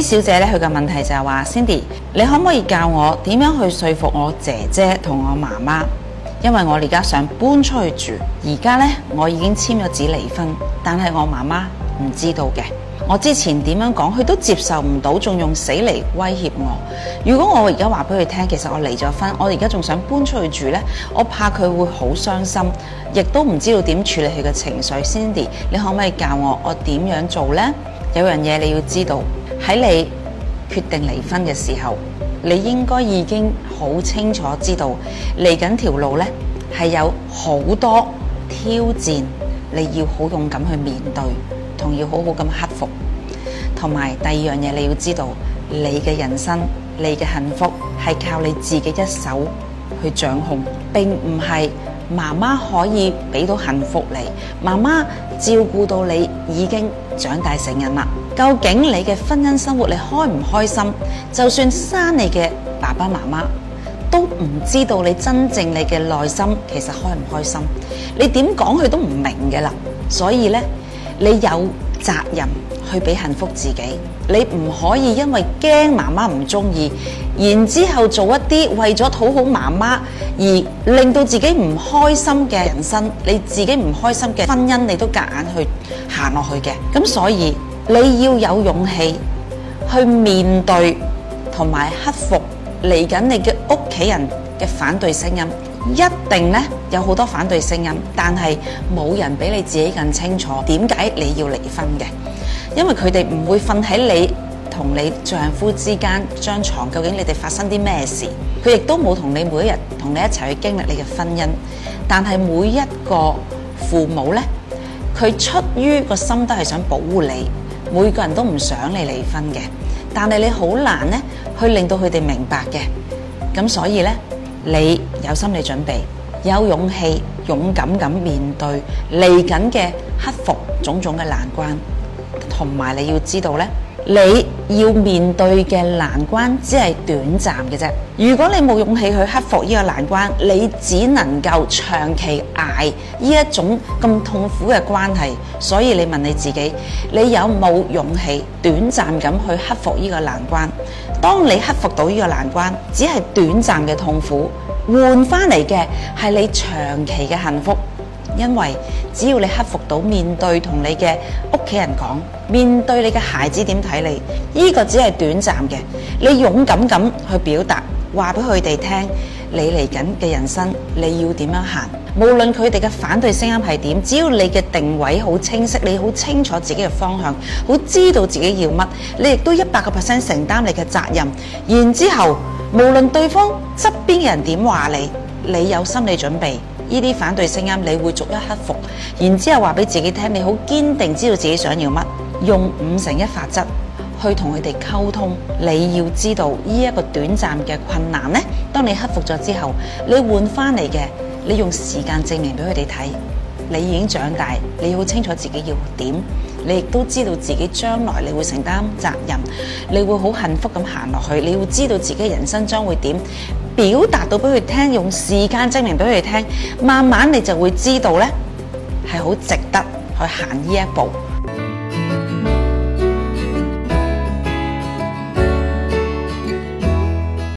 小姐咧，佢嘅問題就係話，Cindy，你可唔可以教我點樣去說服我姐姐同我媽媽？因為我而家想搬出去住，而家咧我已經簽咗紙離婚，但係我媽媽唔知道嘅。我之前點樣講，佢都接受唔到，仲用死嚟威脅我。如果我而家話俾佢聽，其實我離咗婚，我而家仲想搬出去住呢，我怕佢會好傷心，亦都唔知道點處理佢嘅情緒。Cindy，你可唔可以教我我點樣做呢？有樣嘢你要知道，喺你決定離婚嘅時候，你應該已經好清楚知道嚟緊條路咧，係有好多挑戰，你要好勇敢去面對，同要好好咁克服。同埋第二樣嘢你要知道，你嘅人生、你嘅幸福係靠你自己一手去掌控，並唔係。媽媽可以俾到幸福你，媽媽照顧到你已經長大成人啦。究竟你嘅婚姻生活你開唔開心？就算生你嘅爸爸媽媽都唔知道你真正你嘅內心其實開唔開心。你點講佢都唔明嘅啦。所以呢，你有。責任去俾幸福自己，你唔可以因為驚媽媽唔中意，然之後做一啲為咗討好媽媽而令到自己唔開心嘅人生，你自己唔開心嘅婚姻，你都夾硬去行落去嘅。咁所以你要有勇氣去面對同埋克服嚟緊你嘅屋企人嘅反對聲音。一定咧有好多反對聲音，但係冇人比你自己更清楚點解你要離婚嘅，因為佢哋唔會瞓喺你同你丈夫之間張牀，究竟你哋發生啲咩事？佢亦都冇同你每一日同你一齊去經歷你嘅婚姻。但係每一個父母咧，佢出於個心都係想保護你，每個人都唔想你離婚嘅。但係你好難咧去令到佢哋明白嘅，咁所以咧。你有心理準備，有勇氣，勇敢咁面對嚟緊嘅克服種種嘅難關，同埋你要知道呢。你要面對嘅難關只係短暫嘅啫。如果你冇勇氣去克服呢個難關，你只能夠長期捱呢一種咁痛苦嘅關係。所以你問你自己，你有冇勇氣短暫咁去克服呢個難關？當你克服到呢個難關，只係短暫嘅痛苦，換返嚟嘅係你長期嘅幸福。因為只要你克服到面對同你嘅屋企人講，面對你嘅孩子點睇你，呢個只係短暫嘅。你勇敢咁去表達，話俾佢哋聽，你嚟緊嘅人生你要點樣行。無論佢哋嘅反對聲音係點，只要你嘅定位好清晰，你好清楚自己嘅方向，好知道自己要乜，你亦都一百個 percent 承擔你嘅責任。然之後，無論對方側邊人點話你，你有心理準備。呢啲反對聲音，你會逐一克服，然之後話俾自己聽，你好堅定，知道自己想要乜，用五成一法則去同佢哋溝通。你要知道呢一個短暫嘅困難呢，當你克服咗之後，你換翻嚟嘅，你用時間證明俾佢哋睇，你已經長大，你好清楚自己要點。你亦都知道自己將來你會承擔責任，你會好幸福咁行落去，你會知道自己人生將會點，表達到俾佢聽，用時間證明俾佢聽，慢慢你就會知道咧，係好值得去行呢一步。